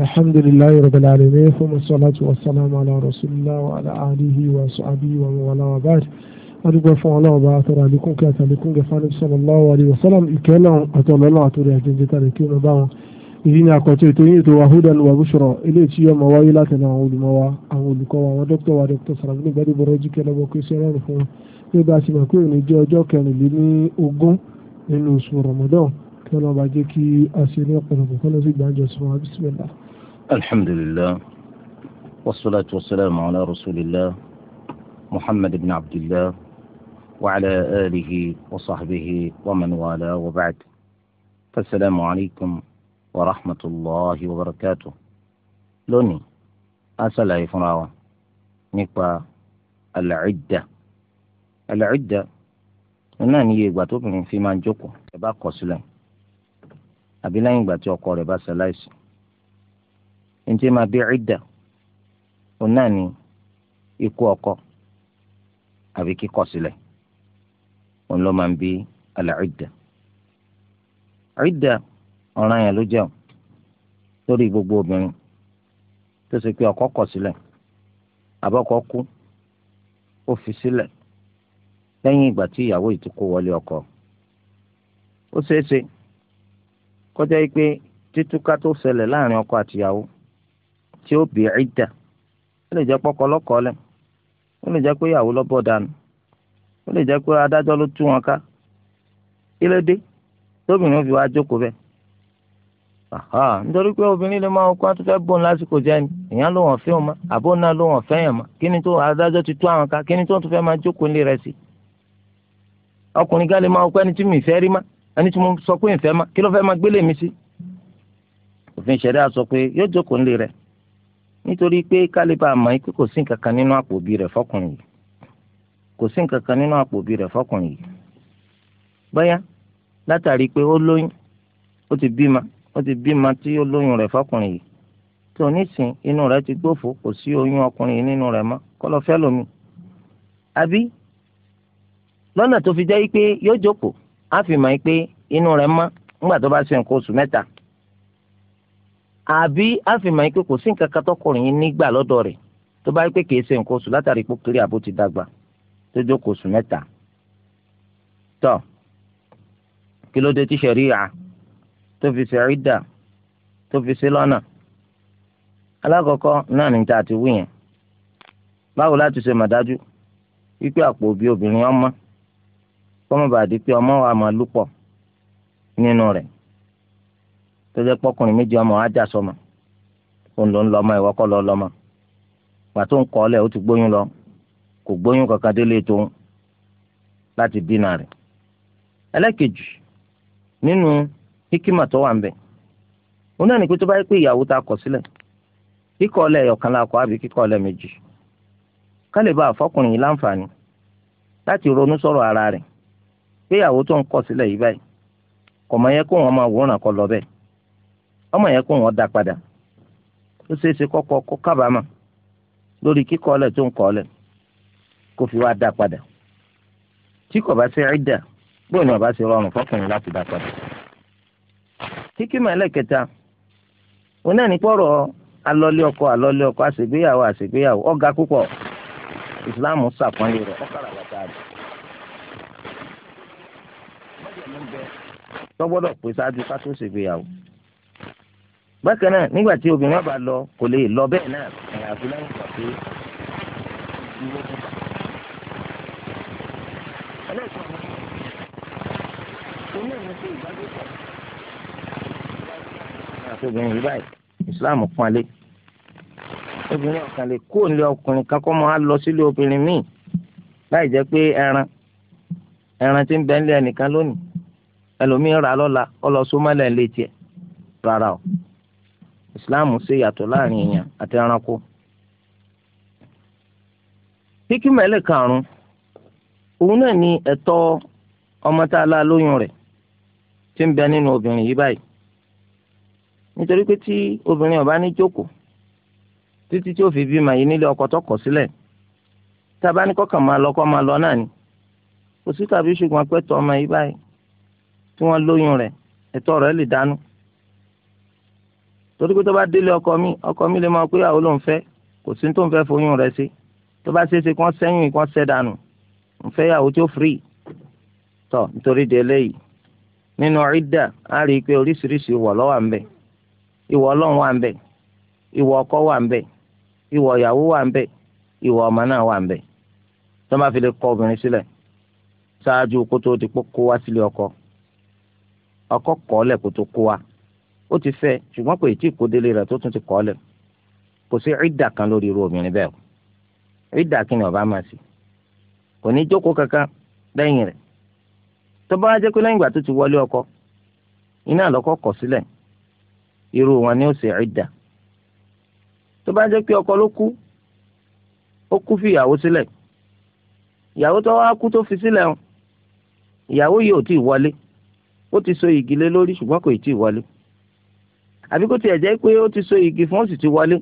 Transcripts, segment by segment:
alhamdulilayi rabbil alamin fún salatu wa salamu ala rasulillah wa ala alihi wa sahbihi wa wala wa baad adúgbò fún ọlọ́ọ̀bá àtọ̀rọ̀ àlékún kí àtàlékún gẹ̀fà ní sallallahu alaihi wa sallam ìkẹ́lẹ̀ àtọ̀lọ́lọ́ àtọ̀rọ̀ àjẹjẹ tàbí kí wọ́n bá wọn. èyí ni àkọ́tọ̀ ètò yìí tó wà hudan wa bushra ilé tí yóò máa wáyé láti náà àwọn olùmọ̀ wa àwọn olùkọ́ wa àwọn dókítà wa dókítà sàràbí gbadébọ̀rọ̀ jù kẹlẹ́bọ̀ kí sẹ́rọ̀ rẹ̀ fún wọn. bí bá a ti mọ̀ pé òní jẹ́ ọjọ́ kẹrìnlélógún nínú oṣù Ramadan kí ọlọ́ba jẹ́ kí a ṣe ní ọ̀pọ̀lọpọ̀ kọ́lọ́sí gbàǹjọ́ sọ wa bismillah. الحمد لله والصلاة والسلام على رسول الله محمد بن عبد الله وعلى آله وصحبه ومن والاه وبعد فالسلام عليكم ورحمة الله وبركاته لوني أسأل أي فراوة نقبى العدة العدة náà ní في ìgbà جوكو fi سلام ń jókòó ẹ bá ntí ma bi ìdà òun náà ni ikú ọkọ àbí kíkọ sílẹ̀ òun ló máa ń bí àlàídà ìdà ọ̀ràn yẹn ló jẹun lórí gbogbo obìnrin tó ṣe pé ọkọ kọ sílẹ̀ àbọ̀kọ kú ó fi sílẹ̀ lẹ́yìn ìgbà tí ìyàwó yìí ti kó wọlé ọkọ ó ṣeé kọjá yìí pé títúká tó ṣẹlẹ̀ láàrin ọkọ àtìyàwó tí ó bí ìdà ó lè jẹ́ pọ́kọ lọ́kọ́lẹ̀ ó lè jẹ́ pé ìyàwó lọ́bọ̀ dànù ó lè jẹ́ pé adájọ́ ló tú wọn ká kí ló dé tóbìnrin fi wá jókòó bẹ́ẹ̀. nítorí pé obìnrin lè máa kó àtúntò bọ́ọ̀n lásìkò jẹ́ ni èèyàn ló wọ̀n fẹ́ wọn mọ́ àbó náà ló wọ̀n fẹ́ yàn mọ́ kí ni tó adájọ́ ti tú àwọn ká kí ni tó tún fẹ́ máa jókòó nílé rẹ̀ sí. ọkùnrin ká lè máa kó ẹni tí mi fẹ́ rí má ẹni tí mo sọ pé ìfẹ́ má kí ló fẹ́ máa gbélé mi sí. òfin ṣẹ̀dá sọ pé yóò jókòó nílé rẹ̀ nítorí pé kálíbà mọ̀ pé kò sí nǹkan kan nínú àpò òbí rẹ̀ fọkùnrin yìí kò sí nǹkan kan nínú àpò òbí rẹ̀ fọkùnrin yìí bóyá látàrí pé ó lóyún ó ti bímọ ó ti bímọ tí ó lóyún rẹ̀ fọkùnrin yìí tí onísìn inú rẹ̀ ti gbófo kò sí oyún ọkùnrin nínú rẹ̀ mọ́ kó lọ fẹ́ lómi àbí lọ́nà tó fi jẹ́ pé yóò jókòó á fi mọ̀ pé inú rẹ̀ mọ́ nígbà tó bá ṣe nǹkan oṣù mẹ́ta àbí àfìmọ̀ yín pé kò sí nǹkan kan tọkùnrin yín nígbà lọ́dọ̀ rẹ̀ tó bá yí pé kìí ṣe nǹkan oṣù látàrí pé kiri àbó ti dàgbà tó jókòó oṣù mẹ́ta. tọ́ kí ló dé tí ṣẹ̀ríà tó fi ṣe rídà tó fi ṣe lọ́nà. alákọ̀ọ́kọ́ náà ní ta àti wí báwo láti ṣe mà wípé àpò òbí obìnrin ọmọ kọ́mọ̀bàdí pé ọmọ wa máa lúpọ̀ nínú rẹ̀ tọ́jẹ́ pọ́kùnrin méjì ọmọ ajá sọmọ òun ló ń lọ́mọ ìwọ kọ́ lọ lọ́mọ gbà tó ń kọ́ ọ lẹ̀ ó ti gbóyún lọ kò gbóyún kankan délé tó ń láti dínà rẹ̀ ẹlẹ́kejì nínú hikima tó wà ń bẹ̀ òun náà ní pé tó bá yẹ pé ìyàwó ta kọ̀ sílẹ̀ kíkọ̀ ọ lẹ̀ ọ̀kan la kọ̀ àbí kíkọ̀ ọ lẹ̀ méjì ká lè bá àfọkùnrin yìí láǹfààní láti ronú sọ̀rọ̀ ara rẹ̀ pé ìyàwó tó ń kọ̀ sílẹ̀ yìí báyìí kọ̀mọ̀ yẹ kó wọn máa wòran kọ lọ bẹ́ẹ̀ ọmọ yẹn kó wọn dá padà ó ṣeé ṣe kọkọ kó kábàámà lórí kíkọ́ ọ̀lẹ̀ tó ń kọ́ ọ̀lẹ̀ kó fi wá dá padà tí kò bá ṣe ẹ̀dà bóyá ọba ṣe rọrùn fọkùnrin láti dá padà. kíkìmọ̀ ẹlẹ́kẹta òun náà ọkọ alọ́lé ọkọ àṣègbéyàwó àṣègbéyàwó ọ̀gá púpọ̀ ṣàpọ́nlé rẹ̀ ọ̀kàrà bàtà rẹ̀. tọ́gbọ́dọ̀ bákan náà nígbà tí obìnrin bá lọ kò lè lọ bẹ́ẹ̀ náà àyàfi lẹ́yìn ìgbà pé obìnrin yìí báyìí islam pọ́n lé obìnrin ọ̀kan lè kó nílé ọkùnrin kan kọ́ mọ́ á lọ sílé obìnrin míì láì jẹ́ pé ẹran ẹran tí ń bẹ nílé ẹnìkan lónìí ẹlòmíín rà lọ́la ọlọ́sọ́mọ́lẹ̀ ń lé tiẹ̀ rárá o. islam ṣe yàtọ̀ láàrin èèyàn àti ẹranko. hikima ẹlẹ́karùn-ún òun náà ni ẹ̀tọ́ ọmọ tá a lá lóyún rẹ̀ ń bẹ nínú obìnrin yìí báyìí nítorí pé tí obìnrin ọba ní jókòó títí tí ó fi bímọ yìí nílé ọkọ tó sílẹ̀ tá a bá ní kọ́kàn máa lọ kọ́ máa lọ náà ni kò sí tàbí ṣùgbọ́n pẹ́tọ́ ọmọ yìí báyìí tí wọ́n lóyún rẹ̀ ẹ̀tọ́ rẹ̀ torí pé tó bá délé ọkọ mi ọkọ mi lè máa pé àwọn ló ń fẹ́ kò sí tó ń fẹ́ foyún rẹ̀ sí tó bá ṣeéṣe kí wọ́n sẹ́yìn kí wọ́n sẹ́ dànù ń fẹ́ yàwó tó free tọ̀ nítorí de eléyìí nínú ìdá a rí i pé oríṣiríṣi ìwọ̀ ló wà ń bẹ ìwọ̀ ọlọ́run wà ń bẹ ìwọ̀ ọkọ wà ń bẹ ìwọ̀ ìyàwó wà ń bẹ ìwọ̀ ọmọ náà wà ń bẹ tó bá fi lè kọ obìnrin sílẹ̀ ṣáájú kó tó di pé kó wá sílé ọkọ ọkọ kọ́ lẹ̀ kó tó kó wá ó ti fẹ́ ṣùgbọ́n kò tí ì kó délé rẹ̀ tó tún ti kọ́ lẹ̀ kò sí ìdà kan lórí irú obìnrin bẹ́ẹ̀ o ìdà kí ni ọba máa sì kò ní jókòó kankan lẹ́yìn rẹ̀ tó bá jẹ́ pé lẹ́yìn ìgbà tó ti wọlé ọkọ iná lọ́kọ kọ̀ sílẹ̀ irú wọn ni ó sì ìdà tó bá jẹ́ pé ọkọ ló kú ó kú fi ìyàwó sílẹ̀ ìyàwó tó wá kú tó fi sílẹ̀ o ìyàwó yìí ò tí ì wọlé ó ti so igi lórí ṣùgbọ́n kò ì tí ì wọlé àbí kó tiẹ̀ jẹ́ pé ó ti so igi fún ó sì ti wọlé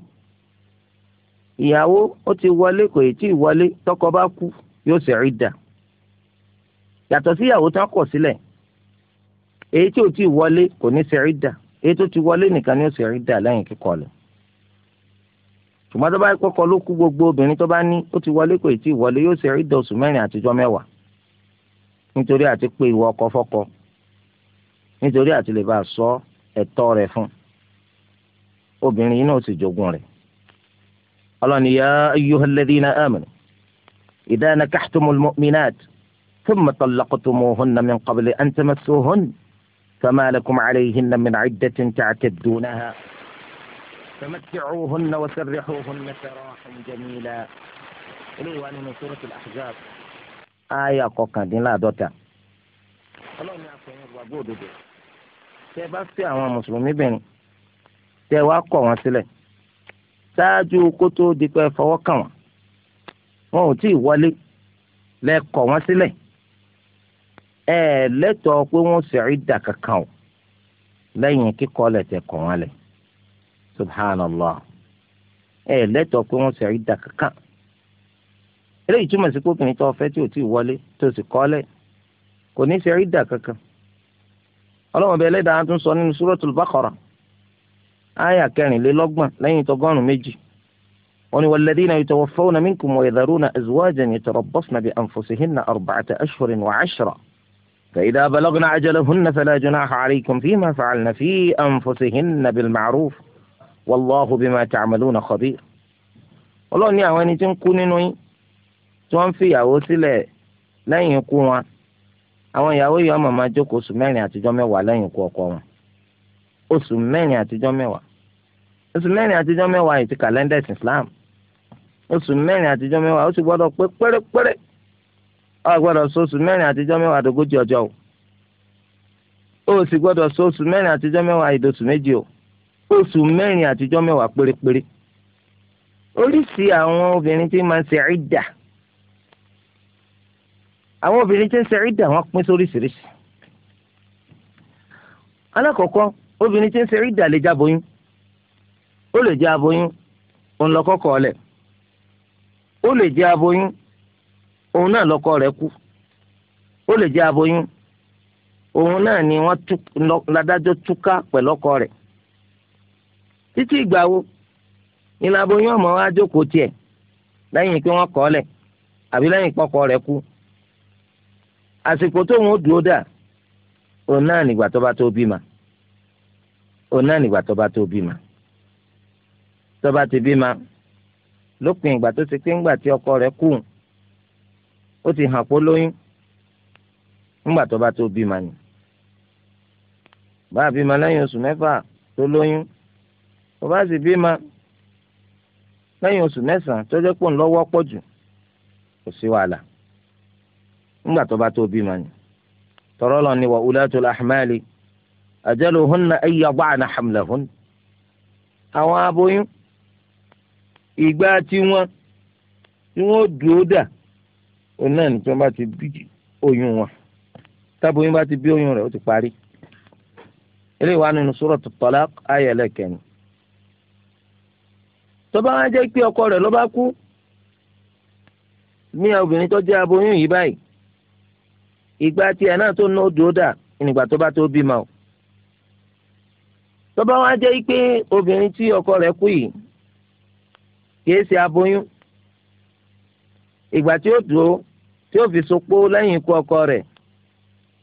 ìyàwó ó ti wọlé kò tí ì wọlé tọkọ bá kú yóò sì rí dà yàtọ̀ sí ìyàwó tán kọ̀ sílẹ̀ èyí tí ò tí ì wọlé kò ní sì rí dà èyí tó ti wọlé nìkan ni ó sì rí dà lẹ́yìn kíkọ̀ lọ ṣùgbọ́n tó bá kọ́kọ́ ló kú gbogbo obìnrin tó bá ní ó ti wọlé kò tí ì wọlé yóò sì rí dà oṣù mẹ́rin àtijọ́ mẹ́wàá nítorí àti pé ìwọ ọkọ fọ́kọ nítorí àti lè bá a sọ ẹ̀tọ́ rẹ̀ fún un obìnrin yìí náà sì jogún rẹ̀ ọlọ́ni yá ayyuhal ladhina amanu idha nakahtumul mu'minat thumma talaqtumuhunna min qabli an tamassuhunna fama lakum alayhinna min iddatin ta'taddunaha فمتعوهن وسرحوهن سراحا جميلا إليه وأنا من سورة الأحزاب آية kọkàndínláàdọ́ta ọlọ́run ni àfẹ́yìn ìgbàgbọ́ òdodo tẹ́ bá fẹ́ àwọn mùsùlùmí bìnrin tẹ wá kọ̀ wọ́n sílẹ̀ ṣáájú kó tó di pé fọwọ́ kàn wọ́n wọn ò tí ì wọlé lẹ kọ̀ wọ́n sílẹ̀ ẹ lẹ́tọ̀ọ́ pé wọ́n sì rí dà kankan o lẹ́yìn kíkọ́ lẹ̀ tẹ kọ̀ wọ́n lẹ̀ subhanallah ẹ lẹ́tọ̀ọ́ pé wọ́n sì rí dà kankan eléyìí túmọ̀ sí pé obìnrin tó fẹ́ tí ò tí wọlé tó sì kọ̀ lẹ̀ kò ní sí dà kankan ọlọ́wọ́n ẹlẹ́dàá tún sọ nínú suratul baqara. àyà kẹrìnlélọ́gbọ̀n lẹ́yìn tọgọ́rùn méjì wọ́n ní walladhina náà yìí wa yadharuna azwajan yatarabbasna bi anfusihinna arba'ata ashhurin wa 'ashra فإذا بلغن أجلهن فلا جناح عليكم فيما فعلن في أنفسهن بالمعروف والله بما تعملون خبير Ọlọ́run ní àwọn ẹni tí ń kú nínú yín tí wọ́n ń fi ìyàwó sílẹ̀ lẹ́yìn ikú wọn àwọn ìyàwó yìí ọmọ máa jókòó oṣù mẹ́rin àtijọ́ mẹ́wàá lẹ́yìn ikú ọkọ wọn oṣù mẹ́rin àtijọ́ mẹ́wàá oṣù mẹ́rin àtijọ́ mẹ́wàá yìí ti kàlẹ́ndà ẹ̀sìn Islam oṣù mẹ́rin àtijọ́ mẹ́wàá ó sì gbọ́dọ̀ pé pérépéré ó gbọ́dọ̀ sọ oṣù mẹ́rin àtijọ́ mẹ́wàá àdógójì ọjọ́ o ó sì gbọ́dọ̀ sọ oṣù mẹ́rin àtijọ́ mẹ́wàá ìdòṣù méjì o oṣù mẹ́rin àtijọ́ mẹ́wàá pérépéré oríṣi àwọn obìnrin tí máa ń ṣe ìdà àwọn obìnrin tí ń ṣe ìdà wọ́n pín sóríṣiríṣi alákọ̀ọ́kọ́ obìnrin tí ń ṣe ìdà lè já boyún ó lè jẹ́ aboyún òun lọ́kọ́kọ́ ọ̀lẹ̀ ó lè jẹ́ aboyún òun náà lọ́kọ rẹ̀ kú ó lè jẹ́ aboyún òun náà ni wọn ládájọ́ túká pẹ̀lọ́kọ rẹ̀ títí ìgbà wo aboyún ọmọ wa jókòó pé rẹ̀ kú àsìkò òun náà nígbà tó bá tó bímọ tó bá ti bímọ lópin ìgbà tó ti pé ńgbà tí ọkọ rẹ̀ ó ti hàn pó lóyún ńgbà tó bá tó bímọ ni bá bímọ lẹ́yìn oṣù mẹ́fà tó lóyún tó bá sì bímọ oṣù tó jù kò sí wàhálà ńgbà tó bá tọrọ lọ ni ajaluhunna ay yada'na hamlahun àwọn aboyún ìgbà tiwọn tí wọ́n dúró dà òun náà ní tí wọ́n bá ti bí oyún wọn tábòyún bá ti bí oyún rẹ̀ ó ti parí eléyìí wà nínú suratu talaq ayẹlẹ kẹni tọ́ba wá jẹ́ pé ọkọ rẹ̀ ló bá kú ní obìnrin tó jẹ́ aboyún yìí báyìí ìgbà tiẹ̀ náà tó ná dúró dà ìnìgbà tó bá tó bímọ tọ́ba wa jẹ́ pé obìnrin tí ọkọ rẹ̀ kú yìí kìí ṣe aboyún ìgbà tí ó dúró tí ó fi sopó lẹ́yìn ikú ọkọ rẹ̀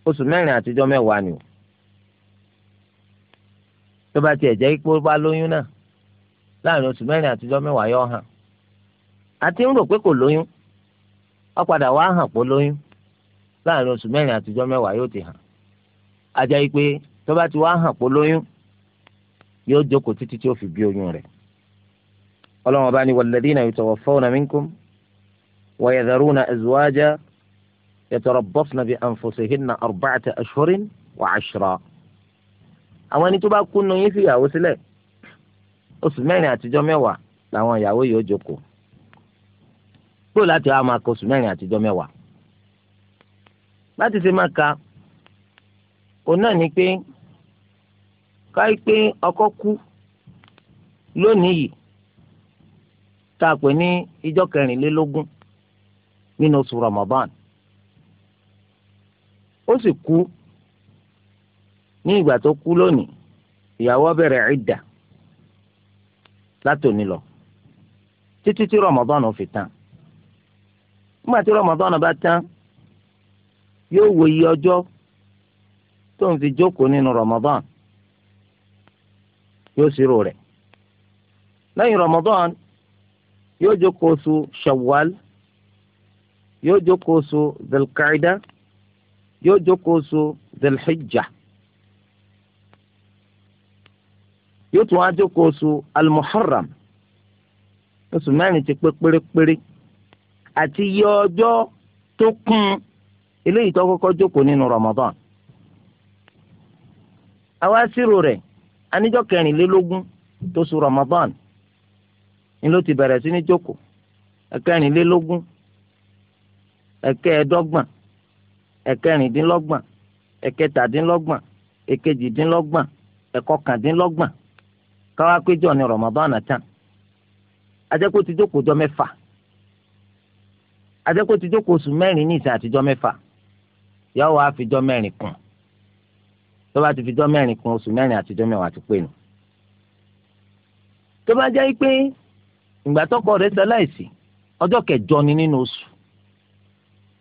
oṣù mẹ́rin àtijọ́ mẹ́wàá ni tọ́ba tiẹ̀ jẹ́ pé ó bá lóyún náà láàrin oṣù mẹ́rin àtijọ́ mẹ́wàá yọ hàn àti ń rò pé kò lóyún ó padà wá hàn pé lóyún láàrin oṣù mẹ́rin àtijọ́ mẹ́wàá yóò ti hàn àjẹ́ pé tọ́ba ti wá hàn pé lóyún yóò jókòó títí tí ó fi bí oyún rẹ̀ ọlọ́wọ́n bá ní walladhina yutawaffawna minkum wa yadharuna azwaja yatarabbasna bi anfusihinna arba'ata ashhurin wa 'ashra. àwọn ẹni tó bá kúnnu yín fi ìyàwó sílẹ̀ oṣù mẹ́rin àtijọ́ mẹ́wàá làwọn ìyàwó yóò jókòó kúrò láti wá máa ka oṣù mẹ́rin àtijọ́ mẹ́wàá láti ṣe máa ka òun náà ni pé. káyí pé ọkọ kú lónìí yìí tá a pè ní ìjọ kẹrìnlélógún nínú oṣù Ramadan ó sì kú ní ìgbà tó kú lónìí ìyàwó bẹ̀rẹ̀ ìdà látòní lọ títí tí Ramadan fi tán nígbà tí Ramadan bá tán yóò wo ọjọ ọjọ́ tó ń fi jókòó nínú Ramadan. yóò ṣírò rẹ̀ lẹ́yìn Ramadan yóò jókòó oṣù Shawwal yóò jókòó oṣù Dhul-Qa'dah yóò jókòó oṣù Dhul-Hijjah yóò tún wá jókòó oṣù Al-Muharram oṣù mẹ́rin ti pé pérépéré àti iye ọjọ́ tó kún eléyìí tó kọ́kọ́ jókòó nínú Ramadan àwa ṣírò rẹ̀ aníjọ́ kẹrìnlélógún tó su Ramadan ni ló ti bẹ̀rẹ̀ sí ní jókòó ẹ̀kẹrìnlélógún ẹ̀kẹẹ̀dọ́gbọ̀n ẹ̀kẹrìndínlọ́gbọ̀n ẹ̀kẹtàdínlọ́gbọ̀n ẹ̀kejìdínlọ́gbọ̀n ẹ̀kọkàndínlọ́gbọ̀n káwá péjọ ní Ramadan ti jọ mẹ́fà ti oṣù mẹ́rin ní ìsìn àtijọ́ mẹ́fà yàwó àfijọ́ mẹ́rin kan. tó bá ti fi jọ́ mẹ́rin kún oṣù mẹ́rin àti jọ́ mẹ́wàá ti pé nù. tó bá jẹ́ pé ìgbà tọkọ rẹ̀ ṣaláìsí ọjọ́ kẹjọ ni nínú oṣù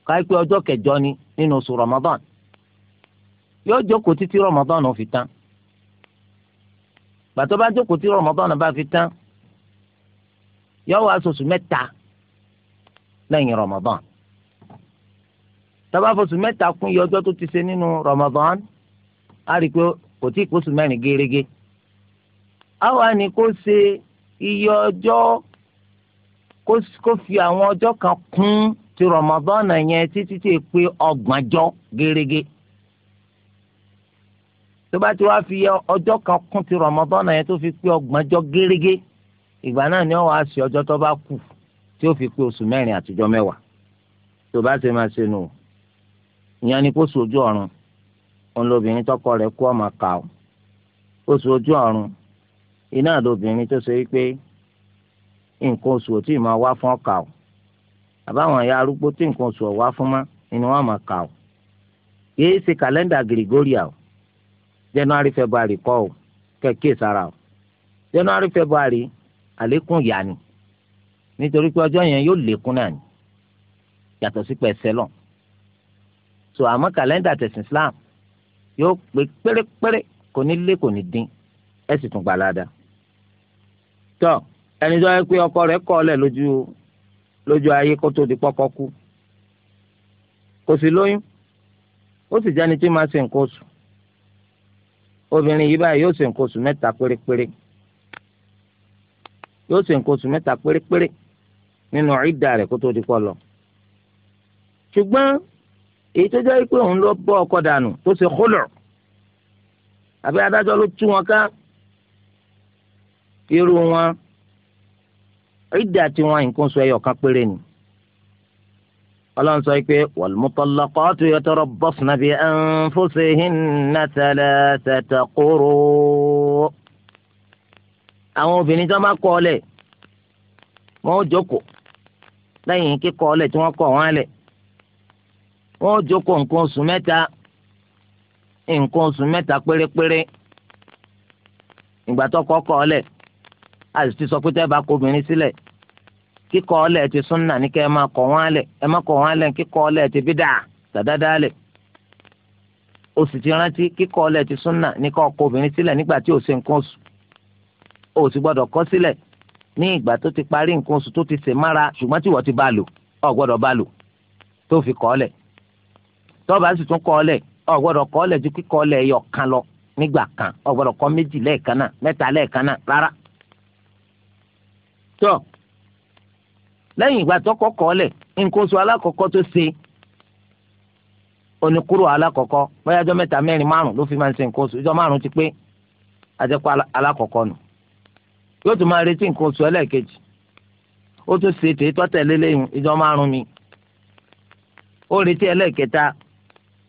káyí pé ọjọ́ kẹjọ ni nínú oṣù Ramadan yóò jókòó títí Ramadan ó fi tán gbàtọ́ bá jókòó tí Ramadan bá fi tán yóò wá sọ̀sù mẹ́ta lẹ́yìn Ramadan tọ́ba fọ̀sù mẹ́ta kún iye ọjọ́ tó ti ṣe nínú Ramadan. ari rí i pé kò tí ì kóṣù mẹ́rin gérégé ni kó ṣe iye ọjọ́ kó fi àwọn ọjọ́ kan kún ti rọmọdọ́nà yẹn títí tí ì pé ọgbọ̀njọ́ gérégé tó bá ti wá fi ọjọ́ kan kún ti rọmọdọ́nà yẹn tó fi pé ọgbọ̀njọ́ gérégé ìgbà náà ni wọ́n wá sí ọjọ́ tó bá kù tí ó fi pé oṣù mẹ́rin àtijọ́ mẹ́wàá tó bá ṣe máa ṣe nù ìyẹn ni kó sojú ọ̀run òun lobìnrin tọkọ rẹ̀ kú ọmọ kà ó oṣù ojú ọ̀run iná lobìnrin tó ṣe wípé nǹkan oṣù ò tí ì máa wá fún ọkà ó àbáwọn ẹ̀yà arúgbó tí nǹkan oṣù ò wá fún mọ́ ni wọ́n máa kà ó kìí ṣe kàlẹ́ndà gírígóríà ó january february kọ́ ó kẹ̀kẹ́ sára ó january february àlékún yà nítorí pé ọjọ́ yẹn yóò lékún náà ni yàtọ̀ sí pẹ̀sẹ̀ lọ so àmọ́ kàlẹ́ndà tẹ̀sán islam yóò pé pérépéré kò ní lé kò ní dín ẹ sì tún gbalada tọ ẹni tó yẹ pé ọkọ rẹ̀ kọ ọlẹ lójú lójú ayé kó tó di pọkọ kú kò sí lóyún ó sì jẹni tí máa ṣe nǹkan oṣù obìnrin yìí báyìí yóò ṣe nǹkan oṣù mẹ́ta pérépéré yóò ṣe nǹkan oṣù mẹ́ta pérépéré nínú ìdá rẹ̀ kó tó di pọ lọ ṣùgbọ́n èyí tó jẹ́ pé òun lọ bọ́ ọkọ dànù tó ṣe kólọ̀ àbí adájọ́ ló tú wọn ká irú wọn ìdá tiwọn nǹkan sọ ẹyọ kan péré ni ọlọ́run sọ pé wal-mutallaqātu yatarabbasna bi anfusihinna thalāthata qurū'. àwọn obìnrin tó máa kọ́ ọ lẹ̀ wọ́n jókòó lẹ́yìn kíkọ́ ọ lẹ̀ tí wọ́n kọ́ wọn lẹ̀ wọ́n jókòó nǹkan oṣù mẹ́ta nǹkan oṣù mẹ́ta pérépéré ìgbà tó kọ́kọ́ ọ̀lẹ̀ a àti ti sọ pé tẹ́ bá kọ obìnrin sílẹ̀ kíkọ̀ lẹ̀ ti súnà ní kẹ́ ẹ máa alẹ̀ ẹ alẹ̀ lẹ̀ ti bídà ọkọ obìnrin sílẹ̀ nígbà tí o ṣe nǹkan oṣù o sì gbọ́dọ̀ sílẹ̀ ní ìgbà tó ti parí nǹkan oṣù tó ti tọ́ba sì tún kọ́ ọ lẹ̀ ọ gbọ́dọ̀ kọ́ ju kan lọ nígbà kan ọ kọ́ méjì lẹ́ẹ̀kan náà mẹ́ta lẹ́ẹ̀kan náà rárá. tọ́ lẹ́yìn ìgbà tó kọ́ nkóso tó ṣe oníkúrò alákọ̀ọ́kọ́ bóyá ọjọ́ mẹ́ta mẹ́rin márùn ló fi máa ń ṣe ti pé alákọ̀ọ́kọ́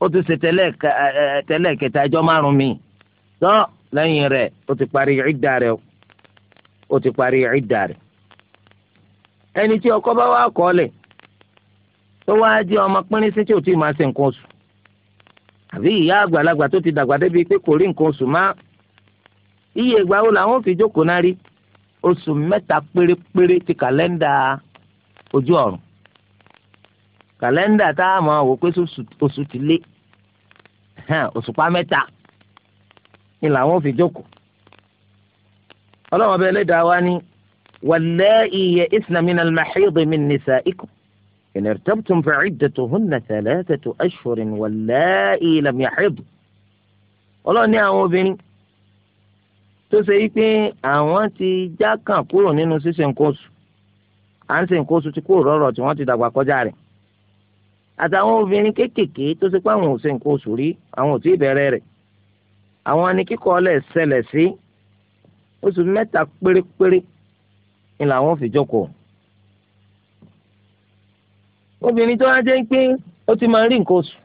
ó tún ṣe tẹ́lẹ̀ kẹta ẹjọ́ márùn mi tọ́ lẹ́yìn rẹ ó ti parí ìdá rẹ ó ti parí ìdá rẹ ẹni tí ọkọ bá wà kọ́lẹ̀ tó wá jẹ́ ọmọ pínrín sí tí ò tí ì máa ṣe nǹkan oṣù àbí ìyá àgbàlagbà tó ti dàgbà débi pé kò rí nǹkan oṣù má iye ìgbà wo làwọn fi jókòó náà rí oṣù mẹ́ta pérépéré kàlẹ́ndà tá a máa wò pé oṣù ti lé òṣùpá mẹ́ta ni làwọn ò fi jókòó ọlọ́run ọba ẹlẹ́dàá wa ni wàlẹ́ẹ̀ì yẹ ìsìnàmínà màḥíìdì min nisā'ikum in irtabtum fa'iddatuhunna thalāthatu ashhurin wàlẹ́ẹ̀ì lam yaḥidna ọlọ́run ní àwọn obìnrin tó ṣe wípé àwọn ti já kàn kúrò nínú ṣíṣe nǹkan oṣù à ń ṣe nǹkan oṣù tí kúrò rọ̀rọ̀ tí wọ́n ti dàgbà kọjá rẹ̀ àtàwọn obìnrin kéékèèké tó ṣe pé àwọn ò ṣe nǹkan oṣù rí àwọn ò tí ì bẹ̀rẹ̀ rẹ̀ àwọn ni kíkọ́ ọlẹ̀ ṣẹlẹ̀ sí oṣù mẹ́ta pérépéré ni làwọn fi jókòó. obìnrin tó ti máa rí nǹkan oṣù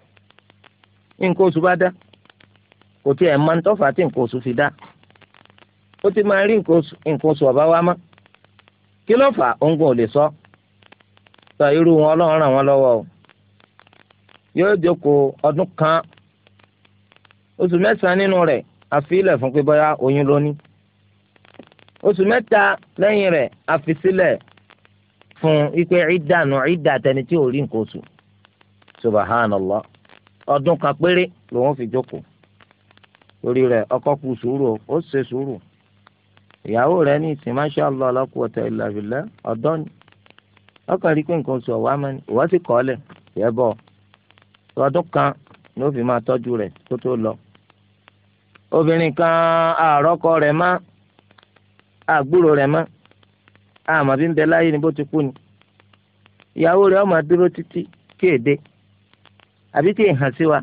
nǹkan oṣù bá dá kò tí ẹ̀ máa ń tọ́fà tí nǹkan ti máa rí nǹkan oṣù ọ̀bá wa mọ́ kí ló fà ò lè sọ irú wọn ọlọ́run ràn wọ́n lọ́wọ́ yóò joko ọdún kan oṣù mẹ́sàn-án nínú rẹ̀ àfilẹ̀ fún pé oyin oyún ló ní oṣù mẹ́ta lẹ́yìn rẹ̀ àfisílẹ̀ fún ipe ìdànù ìdà tẹni tí ò rí nǹkan oṣù subahánàlá ọdún kan péré lòun fi jókòó torí ọkọ kù sùúrù ó ṣe sùúrù ìyàwó ní ìsìn masha allah ni rí pé nǹkan oṣù ọ̀wá mọ́ni ìwọ́n kọ́ ọdún kan ló fi máa tọ́jú rẹ̀ tó tó lọ. obìnrin kan àrọ́kọ rẹ má àgbúrò rẹ mọ àmọ́ bí ń bẹ láyé ni bó ti kú ni. ìyàwó rẹ ọ ma dúró títí kéde àbí tí èèhàn sí wa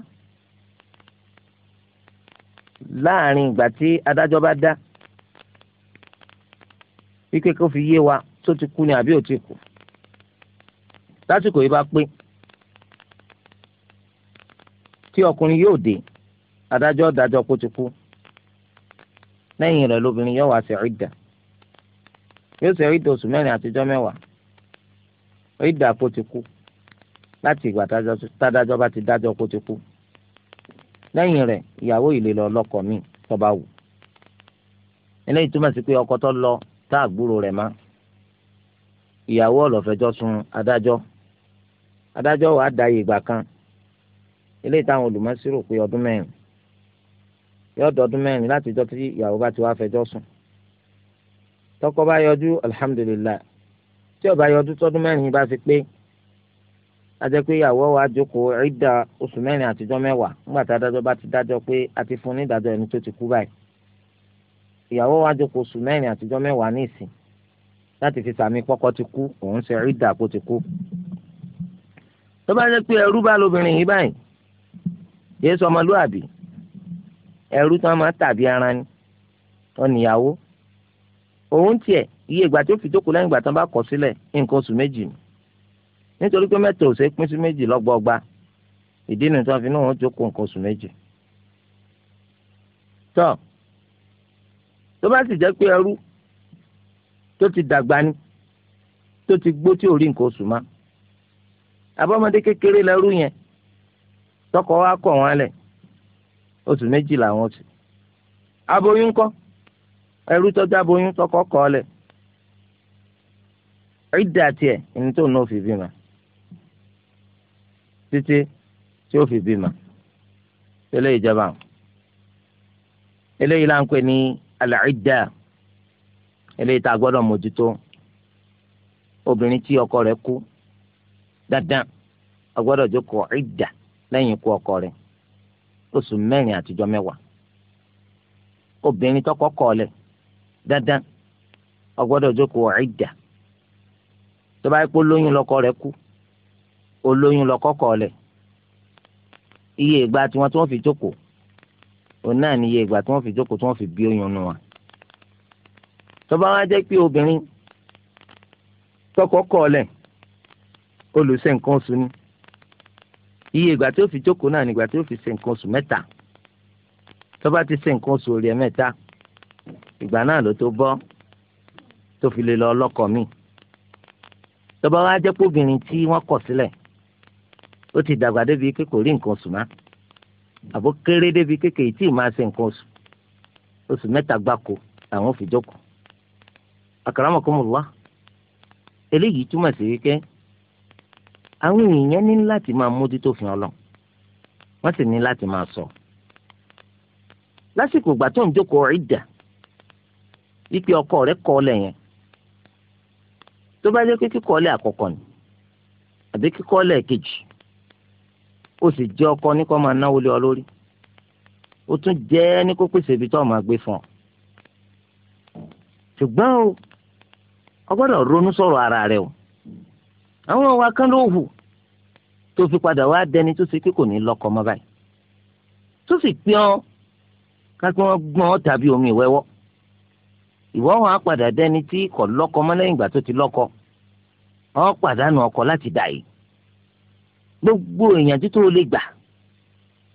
láàrin ìgbà tí adájọ́ bá dá wípé kó fi yé wa tó ti kú ni àbí ò ti kú lásìkò tí ọkùnrin yóò dé adájọ́ dájọ́ kó ti kú lẹ́yìn rẹ̀ lóbìnrin yóò wá sí ìdà yóò ṣe ìdà oṣù mẹ́rin àtijọ́ mẹ́wàá ìdà kó ti kú láti ìgbà tádájọ́ bá ti dájọ́ kó ti kú lẹ́yìn rẹ̀ ìyàwó ilé lọ lọ́kọ mi tó bá wù eléyìí túmọ̀ sí pé ọkọ tó lọ tá àgbúrò rẹ̀ má ìyàwó ọ̀lọ́fẹ́jọ́ sùn adájọ́ adájọ́ wàá da ìgbà kan eléyìí táwọn olùmọ̀sírò pé ọdún mẹ́rin yóò dọdún mẹ́rin láti jọ́ tí ìyàwó bá ti wá fẹjọ́ sùn tọkọ bá yọjú alihamudulilayi tí ó bá yọjú tọdún mẹ́rin bá fi pé ajẹ́ pé ìyàwó wa jókòó ìdá oṣù mẹ́rin àtijọ́ mẹ́wàá nígbà tá a dájọ́ bá ti dájọ́ pé a ti fún nídàájọ́ ẹni tó ti kú báyìí ìyàwó wa jókòó oṣù mẹ́rin àtijọ́ mẹ́wàá ní ìsìn láti fi sàmì kọ́kọ́ ti kú òun ṣe ìdá kó ti kú tó bá jẹ́ pé ẹrú bá lóbìnrin yìí báyìí yéé sọ ọmọlúwàbí ẹrú tí wọn máa tàbí ara ni ọnìyàwó òun tiẹ̀ iye ìgbà tó fi jókòó lẹ́yìn ìgbà tí wọn bá kọ sílẹ̀ nǹkan oṣù méjì ni nítorí pé mẹ́ta ò ṣe pín sí méjì lọ́gbọọgba ìdí nìyí tí wọn fi ní òun jókòó nǹkan oṣù méjì tọ tó bá sì jẹ́ pé ẹrú tó ti dàgbà ni tó ti gbó tí ò rí nǹkan oṣù mọ́ abọ́mọdé kékeré lẹ́rú yẹn tọkọ wa kọ̀ otu lẹ̀ oṣù méjì làwọn oṣù aboyún ńkọ́ ẹrú tọ́jú aboyún tọkọ kọ̀ lẹ̀ ìdá tiẹ̀ tó náà fi bímọ títí tí ó fi bímọ tẹ́lẹ̀ ìjọba eléyìí là ń pè ní al-idda eléyìí tá a mójútó obìnrin tí ọkọ rẹ kú dandan a gbọ́dọ̀ jókòó ìdá. lẹ́yìn ikú ọkọ rẹ̀ oṣù mẹ́rin àtijọ́ mẹ́wàá obìnrin tọkọ kọ̀ọ̀lẹ̀ dandan ọgbọ́dọ̀ jókòó idda tó bá yẹ kó lóyún lọkọ rẹ̀ kú olóyún lọkọ kọ̀ọ̀lẹ̀ iye ìgbà tí wọ́n tí wọ́n fi jókòó òun náà ni iye ìgbà tí wọ́n fi jókòó tí wọ́n fi bí oyún nu wa tó bá wá jẹ́ pé obìnrin tọkọ kọ̀ọ̀lẹ̀ olùṣe nǹkan iye ìgbà tí ó fi jókòó náà ni ìgbà tí ó fi ṣe nǹkan oṣù mẹ́ta tó bá ti ṣe nǹkan oṣù rẹ̀ mẹ́ta ìgbà náà ló tó bọ́ tó fi lè lọ ọlọ́kọ mi tó bá wá jẹ́ kóbìnrin tí wọ́n kọ̀ sílẹ̀ ó ti dàgbà débi pé kò rí nǹkan oṣù má àbó kéré débi kékeré tí ì máa ṣe nǹkan oṣù oṣù mẹ́ta gbáko làwọn ò fi jókòó àkàràmọ̀kọ́mọ̀lá eléyìí túmọ̀ sí wípé àwọn èèyàn ní láti máa mójútó fi ọlọ́run wọ́n sì ní láti máa sọ. lásìkò ìgbà tó ń jókòó ìdà wípé ọkọ rẹ̀ kọ̀ ọ́ lẹ́yìn tó bá jẹ́ pé kíkọ̀ ọ́ lẹ́ àkọ́kọ́ ni àbí kíkọ̀ ọ́ lẹ́ kejì ó sì jẹ́ ọkọ ní kó máa náwó lé ọ lórí ó tún jẹ́ ní kó pèsè ibi tó o máa gbé fún ọ. ṣùgbọ́n o ọgbọ́dọ̀ ronú sọ̀rọ̀ ara rẹ o. àwọn wa kán ló hù tó fi padà wá dẹni tó ṣe pé kò ní lọkọ mọ́ báyìí tó sì pín ọ kápẹ́ wọn gbọ́n ọ tàbí omi ìwẹ́wọ́ ìwọ́ wọn á padà dẹni tí kò lọ́kọ mọ́ lẹ́yìn ìgbà tó ti lọ́kọ ọ pàdánù ọkọ láti dà yìí gbogbo ìyànjú tó lè gbà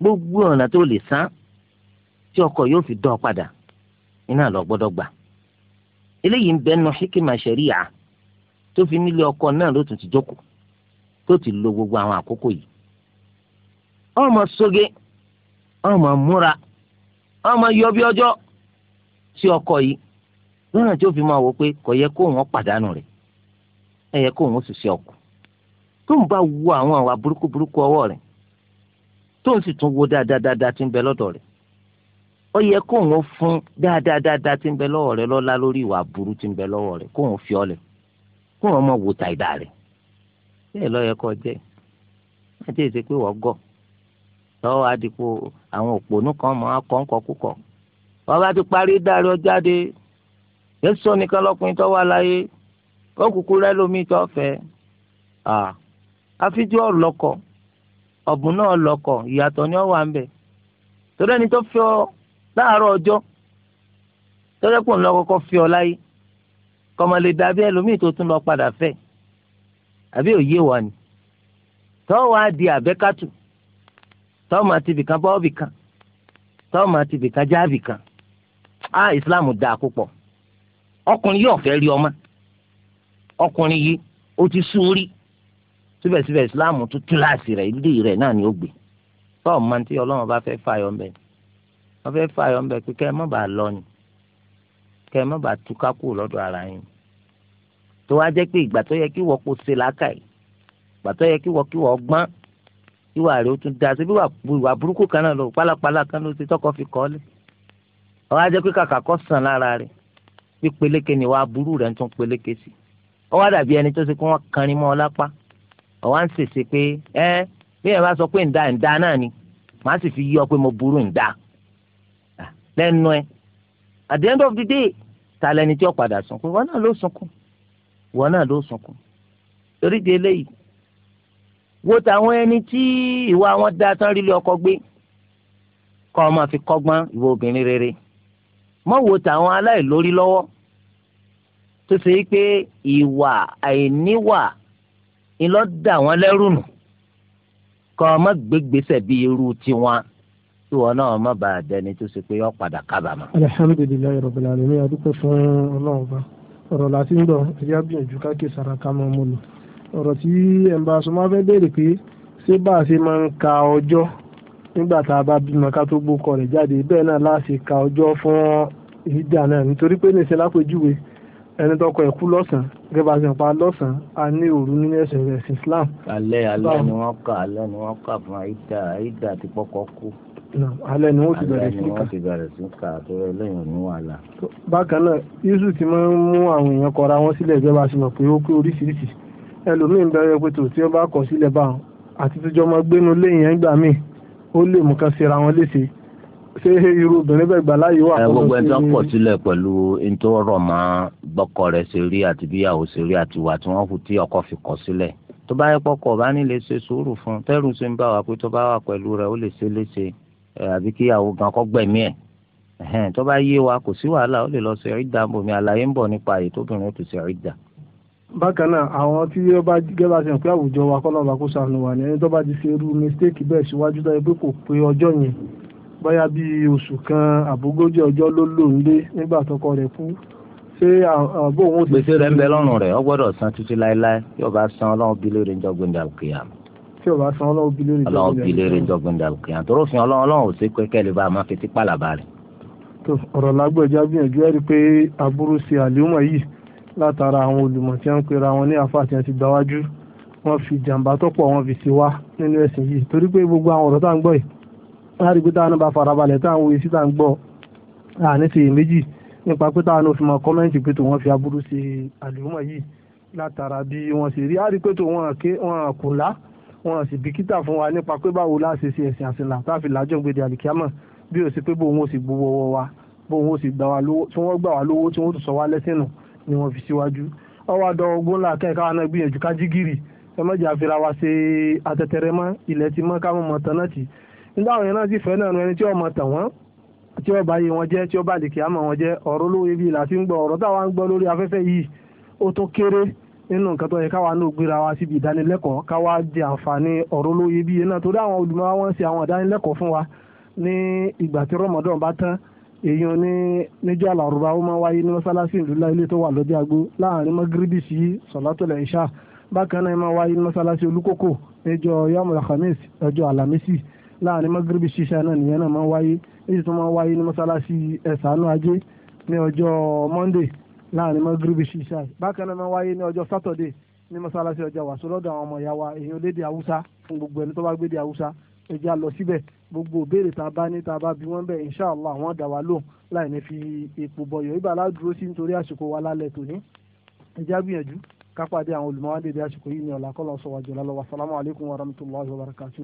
gbogbo ọ̀nà tó lè san tí ọkọ yóò fi dán ọ padà iná lọ gbọ́dọ̀ gbà eléyìí ń bẹ́ẹ̀ hikima ṣẹ̀ríyà tó fi nílé ọkọ náà ló tún ti jókòó tó ti lo gbogbo àwọn àkókò yìí ọmọ sóge ọmọ múra ọmọ yọ bí ọjọ́ tí ọkọ yìí lọ́nà tí ó fi máa wò pé kò yẹ kó wọn pàdánù rẹ̀ ẹ yẹ kó wọn sì ṣe ọkọ tó ń bá wo àwọn àwa burúkú burúkú ọwọ́ rẹ̀ tó ń sì tún wo dáadáa dáadáa tí ń bẹ lọ́dọ̀ rẹ̀ ó yẹ kó wọn fún dáadáa dáadáa tí ń bẹ lọ́wọ́ rẹ̀ lọ́lá lórí ìwà burú tí ń bẹ lọ́wọ́ rẹ̀ kó wọn fi ọlẹ̀ fún ọmọ wò ta ìdá rẹ̀ bẹ́ẹ̀ lọ́ọ́ yẹ kọ́ jẹ́ àti èsì pé wọ́n gọ̀ lọ́wọ́ àdìpọ̀ àwọn òpònú kan mọ́ akọ́ńkọ́ kúkọ̀ wọ́n bá ti parí dárí ọjáde yẹ́sọ́ nìkan lọ́kùnrin tó wà láyé kó kúkú rẹ́ tó fẹ́ àfijọ́ ọ̀lọ́kọ̀ ọ̀bùn náà lọ́kọ̀ ìyàtọ̀ ni ó wà ń bẹ̀ torí ẹni tó fi ọ láàárọ̀ ọjọ́ tọ́jọ́ pò ń lọ fi ọ láyé kọ́mọ lè dàbí ẹlòmíì tó tún lọ padà fẹ́ àbí òye wà ní tọ́ wá di àbẹ́kátù tọ́ máa ti bìkan bọ́ bìkan tọ́ máa ti bìkan já bìkan á ìsìláàmù dáa púpọ̀ ọkùnrin yóò fẹ́ rí ọmọ ọkùnrin yìí ó ti sú orí síbẹ̀síbẹ̀ ìsìláàmù tó túláàsì rẹ̀ ilé rẹ̀ náà ni ó gbé tọ́ ọ̀ máa ti ọlọ́run bá fẹ́ fàyọ̀ ńbẹ wọ́n fẹ́ fàyọ̀ ńbẹ pé kẹ́ ẹ má bàa lọ ni kẹ́ ẹ má bàa túká kù lọ́dọ̀ ara yín tó wá jẹ́ pé ìgbà tó yẹ kí wọ́n kó ṣe làákàyè ìgbà tó yẹ kí wọ́n kí wọ́n gbọ́n ìwà rẹ̀ ó tún da síbi ìwà burúkú kan náà lọ pálapàla kan ló ti tọkọ fi kọ́ lé wọ́n á pé kàkà kọ́ sàn lára rẹ̀ pé peléke ni wàá burú rẹ̀ ń tún peléke sí ọ wá dàbí ẹni tó ṣe kó wọ́n kanrin mọ́ ọ lápá ọ wá ń ṣèṣe pé ẹ bí ẹ bá sọ pé ǹda ǹda náà ni màá sì fi yí ọ pé mo burú ǹda lẹ́nu ẹ at the end of the day ta lẹni tí ó padà sunkún wọn náà ló sunkún wọn náà ló sunkún torí di eléyìí wo tàwọn ẹni tí ìwà wọn da tán rí lé ọkọ gbé kọ́ ọ fi kọ́gbọ́n ìwọ obìnrin rere mọ́ wo tàwọn aláìlórí lọ́wọ́ tó ṣe pé ìwà àìníwà ńlọ dà wọ́n lẹ́rù nù kọ́ ọ gbégbèsè bíi irú tiwọn kí wọn náà má bàa dẹni tó ṣe pé yọ padà kábàámọ̀. alihamudulilayi rabbil alamin adúpẹ́ fún Ọlọ́run ba ọ̀rọ̀ láti ń gbọ́ ẹ̀yà gbìyànjú káàkiri sara ká máa mú lò ọ̀rọ̀ tí ẹ̀ ń bá aṣọ máa fẹ́ béèrè pé ṣé bá a ṣe máa ń ka ọjọ́ nígbà tá a bá bímọ ká tó gbókọ rẹ̀ jáde bẹ́ẹ̀ náà láti ka ọjọ́ fún ìdá nítorí pé níṣẹ́ lápèjúwe ẹni tọkọ ẹ̀ kú lọ́sàn-án gẹ́gẹ́ bá ṣe ń pa lọ́sàn-án ní òru nínú ẹ̀sẹ̀ rẹ̀ sí Islam. alẹ́ alẹ́ ni wọ́n kà alẹ́ ni wọ́n kà fún àyíká àyíká àti pọ́kọ́ kú. alẹ́ ni wọ́n ti bẹ̀rẹ̀ sí ká. alẹ́ ni wọ́n ti bẹ̀rẹ̀ sí ká àtúrọ̀ ẹlẹ́yìn ní wàhálà. bákan náà yusuf ti máa ń mú àwọn èèyàn kọra wọn sílẹ̀ gẹ́gẹ́ bá a ṣe mọ̀ pé ó pé oríṣiríṣi ẹlòmíín bẹ̀rẹ̀ pé tò tí bá kọ̀ sílẹ̀ ṣé irú obìnrin bẹ́ẹ̀ gbà láyé wà. ẹ gbogbo ẹ tó ń kọ sílẹ̀ pẹ̀lú ntọ́rọ̀ mọ́ bọ́kọ rẹ̀ ṣe rí àti bíyàwó ṣe rí àti wà tí wọ́n fi tí ọkọ fi kọ sílẹ̀ tó bá yẹ pọkọ bá ní lè ṣe sùúrù fún tẹ́rù ṣe ń bá wa pé tó bá wà pẹ̀lú rẹ̀ ó lè ṣe léṣe àbí kíyàwó gan kọ́ gbẹ̀mí ẹ̀ ẹhẹn tó bá yé wa kò sí wàhálà ó lè lọ sí ẹ̀rídà bomi àlàyé ń bọ̀ nípa àyè bákan náà àwọn tí ó bá gẹ́gẹ́ bá ṣe ń pé àwùjọ wa kọ́ lọ́ba kó sànù wà ní ẹni tó bá ti ṣe irú mistake bẹ́ẹ̀ síwájú tó yẹ pé kò pé ọjọ́ yẹn bóyá bí oṣù kan àbógójì ọjọ́ ló lò ń lé nígbà tọkọ rẹ̀ kú ṣé àbó òun ti. gbèsè rẹ̀ ń bẹ lọ́rùn rẹ̀ ọ gbọ́dọ̀ san títí láéláé tí o bá san ọlọ́run bí lóore ń jọgbìn dàlùkìyà. tí o bá san ọlọ́run bí lóore ń jọgbìn dàlùkìyà. ọlọ́run bí lóore ń jọgbìn dàlùkìyà tó rófin ọlọ́run ọlọ́run ò sí pẹ́kẹ́ lè bá a máa fi ti pàlàbà rẹ̀. ọ̀rọ̀ lágbèjà gbìyànjú ẹ̀rí pé aburú ṣe àlùmọ̀ yìí látara àwọn olùmọ̀ tí wọ́n pera wọn ní afa àti àti gbáwájú wọ́n fi jàǹbá tọ́pọ̀ wọn fi ṣe wá nínú ẹ̀sìn yìí torí pé gbogbo àwọn ọ̀rọ̀ tá à ń gbọ́ yìí a rí pé táwọn náà bá farabalẹ̀ táwọn òye síta ń gbọ́ àní ṣe méjì nípa pé táwọn fi mọ kọ́mẹ́ǹtì pé tó wọ́n fi aburú ṣe àlùmọ̀ yìí látara bí wọ́n ṣe rí a pé tó wọ́n ké wọ́n kò lá wọ́n sì bìkítà fún wa nípa pé báwo la ṣe ṣe ẹ̀sìn àṣìlá táfi làjọ gbèdé àlìkíámọ̀ bí ó ṣe pé bóun ó sì gbowó ọwọ́ wa bóun ó sì gbà wá lówó tí wọ́n gbà wá lówó tí wọ́n tún sọ wá lẹ́sìn ni wọ́n fi síwájú ọwọ́ àdán ogun ńlá kẹ́kẹ́ àwọn náà gbìyànjú ká jí gìrì ẹ mọ̀jà fira nígbà àwọn yẹn náà sì fẹ́ náà nu ẹni tí ọmọ tàn wọ́n tí ó báyé wọn jẹ́ tí ó bá lèkè àmọ́ wọn jẹ́ ọ̀rọ̀ olówó ibi là ti ń gbọ́ ọ̀rọ̀ táwa ń gbọ́ lórí afẹ́fẹ́ yìí ó tó kéré nínú nǹkan tó yẹ káwa náà gbéra wa síbi ìdánilẹ́kọ̀ọ́ káwa jẹ àǹfààní ọ̀rọ̀ olówó ibi yẹn náà torí àwọn olùmọ̀ wọn ṣe àwọn ìdánilẹ́kọ̀ọ́ fún wa ní ìgbà tí rọmọdún bá tán èèyàn ní níjọ́ àlàrúbá ó máa wáyé ní mọ́sálásí ìlú ilé tó wà lọ́dẹ àgbo láàrin mọ́gíríbì sí sọ̀látọ̀lẹ̀ ìṣá bákan náà máa wáyé ní mọ́sálásí olúkòkò níjọ́ yàmù alhamis ọjọ́ alamisi láàrin magrebi ṣíṣà náà nìyẹn náà máa ń wáyé èyí tó máa ń wáyé ní mọ́ṣáláṣí ẹ̀sánú ajé ní ọjọ́ monday láàrin magrebi ṣíṣà bákan náà máa ń wáyé ní ọjọ́ saturday ní mọ́ṣáláṣí ọjà wàsó lọ́dọ̀ àwọn ọmọ ìyá wa èèyàn lédè haúsá fún gbogbo ẹni tó bá gbédè haúsá ẹja lọ síbẹ̀ gbogbo òbéèrè tá a bá ní tá a bá bí wọ́n bẹ̀ inṣàlá àwọn dà wá lóhùn láì ní fi èpò bọ̀yọ̀ ibà aládùúró sí nítorí àsìkò wa lálẹ́ tòní ẹja gbìyànjú ká pàdé àwọn olùmọ̀wádìí àsìkò yìí ní ọ̀làkọ́lọ́ sọ̀wájú ọ̀làlọ́wọ́ assalamu alaikum warahmatullahi wabarakatuh.